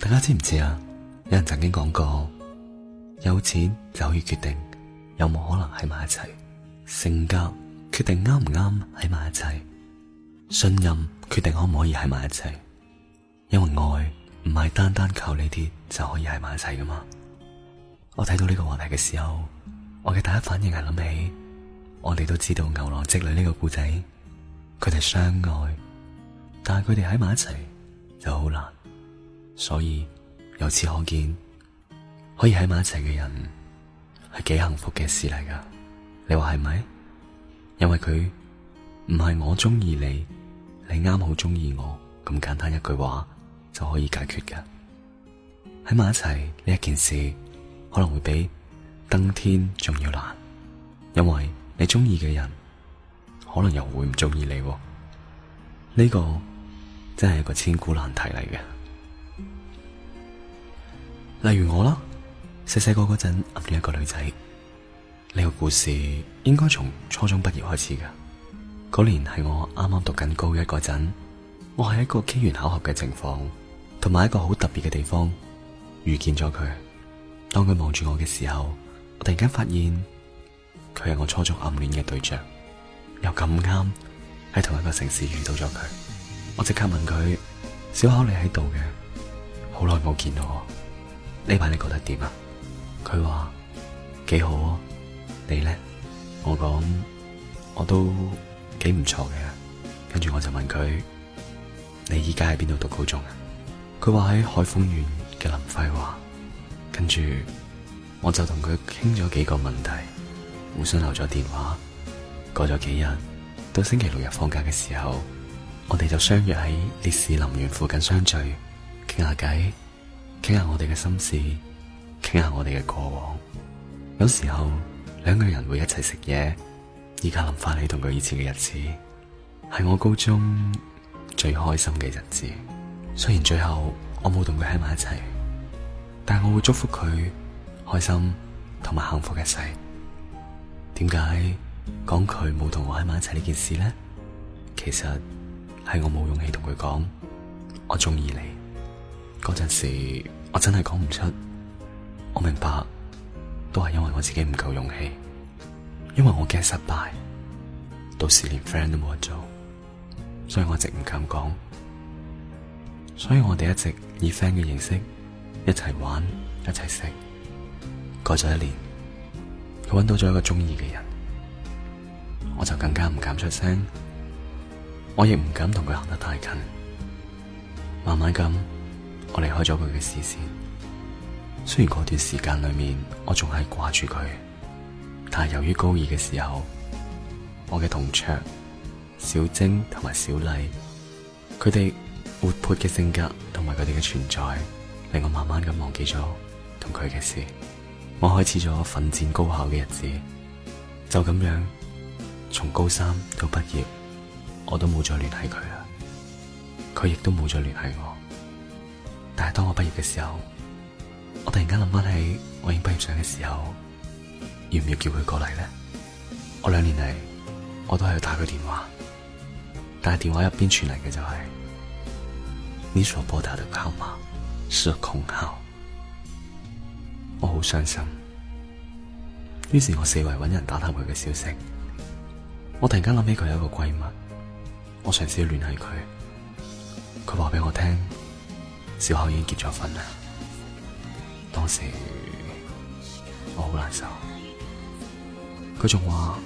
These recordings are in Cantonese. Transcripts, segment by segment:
大家知唔知啊？有人曾經講過，有錢就可以決定有冇可能喺埋一齊，性格決定啱唔啱喺埋一齊，信任決定可唔可以喺埋一齊。因為愛唔係單單靠呢啲就可以喺埋一齊噶嘛。我睇到呢個話題嘅時候，我嘅第一反應係諗起，我哋都知道牛郎織女呢個故仔，佢哋相愛，但係佢哋喺埋一齊就好難。所以，由此可見，可以喺埋一齊嘅人係幾幸福嘅事嚟噶。你話係咪？因為佢唔係我中意你，你啱好中意我，咁簡單一句話就可以解決噶。喺埋一齊呢一件事，可能會比登天仲要難，因為你中意嘅人，可能又會唔中意你。呢、呢個真係一個千古難題嚟嘅。例如我啦，細細個嗰陣暗戀一個女仔，呢個故事應該從初中畢業開始噶。嗰年係我啱啱讀緊高一嗰陣，我喺一個機緣巧合嘅情況，同埋一個好特別嘅地方遇見咗佢。當佢望住我嘅時候，我突然間發現佢係我初中暗戀嘅對象，又咁啱喺同一個城市遇到咗佢。我即刻問佢：小巧你喺度嘅，好耐冇見到我。」呢排你覺得點啊？佢話幾好啊，你咧？我講我都幾唔錯嘅。跟住我就問佢：你依家喺邊度讀高中啊？佢話喺海豐縣嘅林輝華。跟住我就同佢傾咗幾個問題，互相留咗電話。過咗幾日，到星期六日放假嘅時候，我哋就相約喺烈士林園附近相聚，傾下偈。傾下我哋嘅心事，傾下我哋嘅過往。有時候兩個人會一齊食嘢，而家諗翻起同佢以前嘅日子，係我高中最開心嘅日子。雖然最後我冇同佢喺埋一齊，但係我會祝福佢開心同埋幸福嘅一生。點解講佢冇同我喺埋一齊呢件事呢？其實係我冇勇氣同佢講，我中意你。嗰陣時，我真係講唔出。我明白，都係因為我自己唔夠勇氣，因為我驚失敗，到時連 friend 都冇得做，所以我一直唔敢講。所以我哋一直以 friend 嘅形式一齊玩一齊食。過咗一年，佢揾到咗一個中意嘅人，我就更加唔敢出聲，我亦唔敢同佢行得太近，慢慢咁。我離開咗佢嘅視線，雖然嗰段時間裏面我仲係掛住佢，但係由於高二嘅時候，我嘅同桌小貞同埋小麗，佢哋活潑嘅性格同埋佢哋嘅存在，令我慢慢咁忘記咗同佢嘅事。我開始咗奮戰高考嘅日子，就咁樣從高三到畢業，我都冇再聯繫佢啦，佢亦都冇再聯繫我。但係當我畢業嘅時候，我突然間諗翻起我已經畢業相嘅時候，要唔要叫佢過嚟呢？我兩年嚟我都係打佢電話，但係電話入邊傳嚟嘅就係你所撥打嘅號碼係空號，我好傷心。於是我四圍揾人打探佢嘅消息，我突然間諗起佢有一個閨蜜，我嘗試聯繫佢，佢話俾我聽。小巧已經結咗婚啦，當時我好難受。佢仲話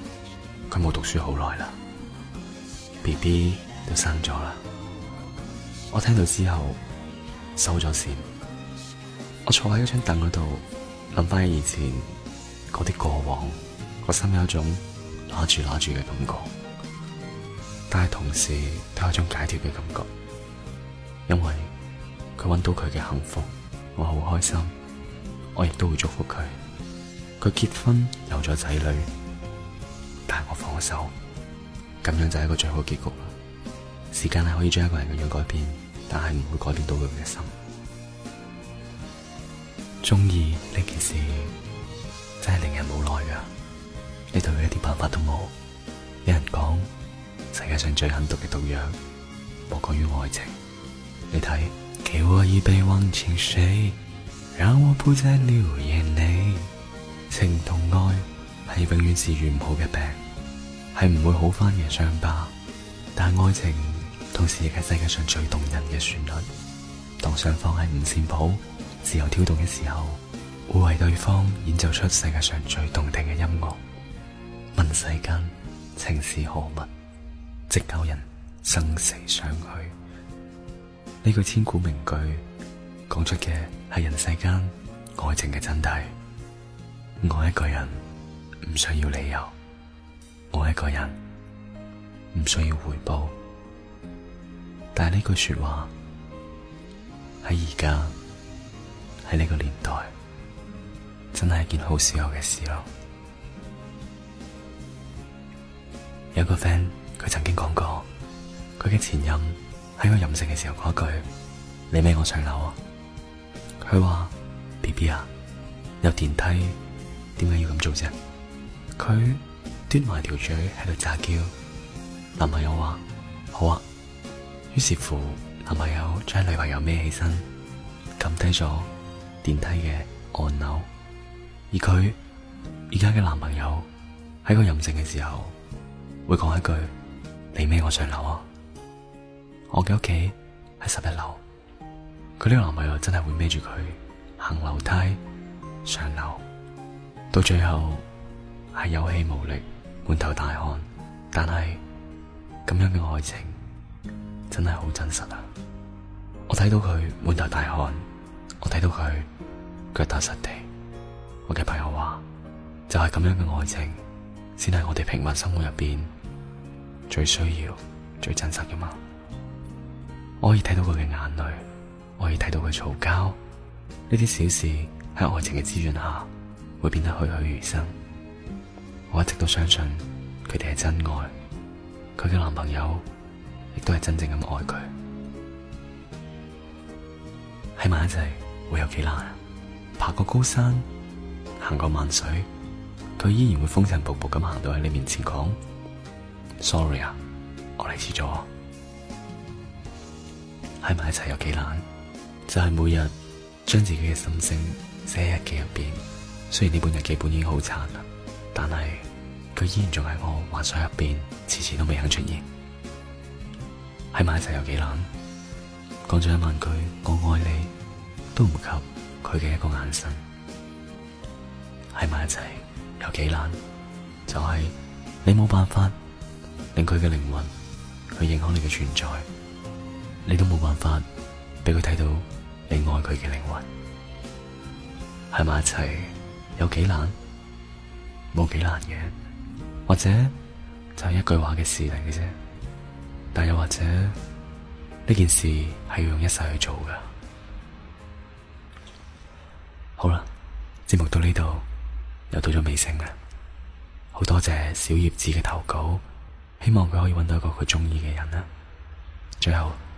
佢冇讀書好耐啦，B B 都生咗啦。我聽到之後收咗線，我坐喺一張凳嗰度諗翻起以前嗰啲過往，我心有一種乸住乸住嘅感覺，但係同時都有一種解脫嘅感覺，因為，搵到佢嘅幸福，我好開心。我亦都會祝福佢。佢結婚，有咗仔女，但係我放咗手，咁樣就係一個最好結局啦。時間係可以將一個人嘅樣改變，但係唔會改變到佢嘅心。鍾意呢件事真係令人無奈噶，你對佢一啲辦法都冇。有人講世界上最狠毒嘅毒藥，莫過於愛情。你睇。畀我一杯忘情水，誰讓我不再留眼淚。你情同愛係永遠治愈唔好嘅病，係唔會好翻嘅傷疤。但愛情同時亦係世界上最動人嘅旋律。當雙方喺五線譜，自由跳動嘅時候，會為對方演奏出世界上最動聽嘅音樂。問世間情是何物，直教人生死相許。呢句千古名句講出嘅係人世間愛情嘅真諦。愛一個人唔需要理由，愛一個人唔需要回報。但係呢句說話喺而家喺呢個年代真係一件好少有嘅事咯。有個 friend 佢曾經講過佢嘅前任。喺佢任性嘅時候講一句：你孭我上樓啊！佢話：B B 啊，有電梯，點解要咁做啫？佢端埋條嘴喺度詐嬌。男朋友話：好啊。於是乎，男朋友將女朋友孭起身，撳低咗電梯嘅按鈕。而佢而家嘅男朋友喺佢任性嘅時候，會講一句：你孭我上樓啊！我嘅屋企喺十一樓，佢呢個男朋友真係會孭住佢行樓梯上樓，到最後係有氣無力、滿頭大汗。但係咁樣嘅愛情真係好真實啊！我睇到佢滿頭大汗，我睇到佢腳踏實地。我嘅朋友話，就係咁樣嘅愛情，先係我哋平凡生活入邊最需要、最真實嘅嘛。我可以睇到佢嘅眼淚，我可以睇到佢嘈交，呢啲小事喺愛情嘅滋潤下，會變得栩栩如生。我一直都相信佢哋係真愛，佢嘅男朋友亦都係真正咁愛佢。喺埋一齊會有幾難啊，爬過高山，行過萬水，佢依然會風塵僕僕咁行到喺你面前講：sorry 啊，我嚟遲咗。喺埋一齊有幾難，就係、是、每日將自己嘅心聲寫喺日記入邊。雖然呢本日記本已經好殘啦，但係佢依然仲喺我幻想入邊，次次都未肯出現。喺埋一齊有幾難，講咗一萬句我愛你，都唔及佢嘅一個眼神。喺埋一齊有幾難，就係、是、你冇辦法令佢嘅靈魂去影響你嘅存在。你都冇辦法俾佢睇到你愛佢嘅靈魂，喺埋一齊有幾難，冇幾難嘅，或者就係一句話嘅事嚟嘅啫。但又或者呢件事係要用一世去做噶。好啦，節目到呢度又到咗尾聲啦，好多謝小葉子嘅投稿，希望佢可以揾到一個佢中意嘅人啦。最後。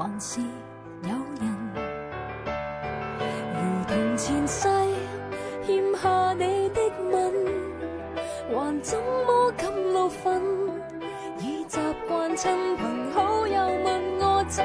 還是有人，如同前世欠下你的吻，還怎麼敢怒憤？已習慣親朋好友問我怎？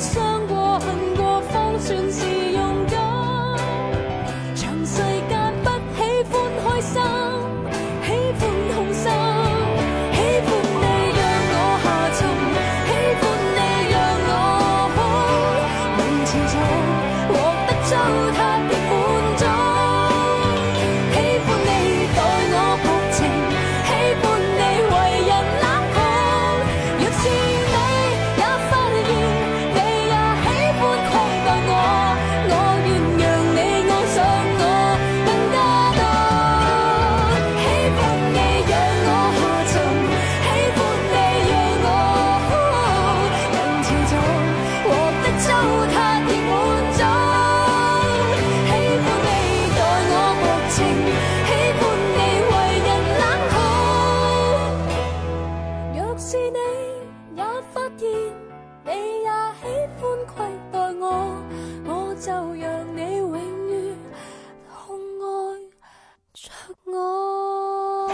傷過，恨過，方算是。